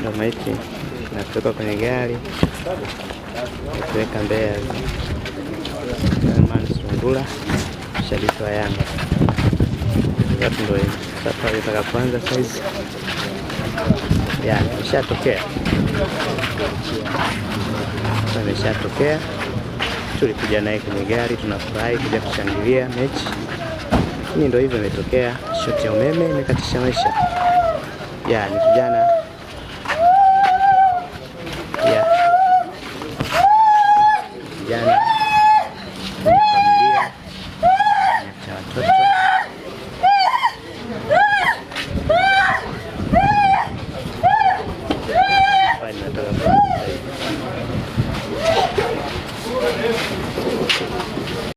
ndo maiti inatoka kwenye gari kupeleka Mbeya. Herman Sungula, shabiki wa Yanga tatu kwanza saizi imeshatokea, imeshatokea. Tulikuja naye kwenye gari, tunafurahi kuja kushangilia mechi ni ndo hivyo, imetokea shoti ya umeme imekatisha maisha ya ni kijana kijana familia cha watoto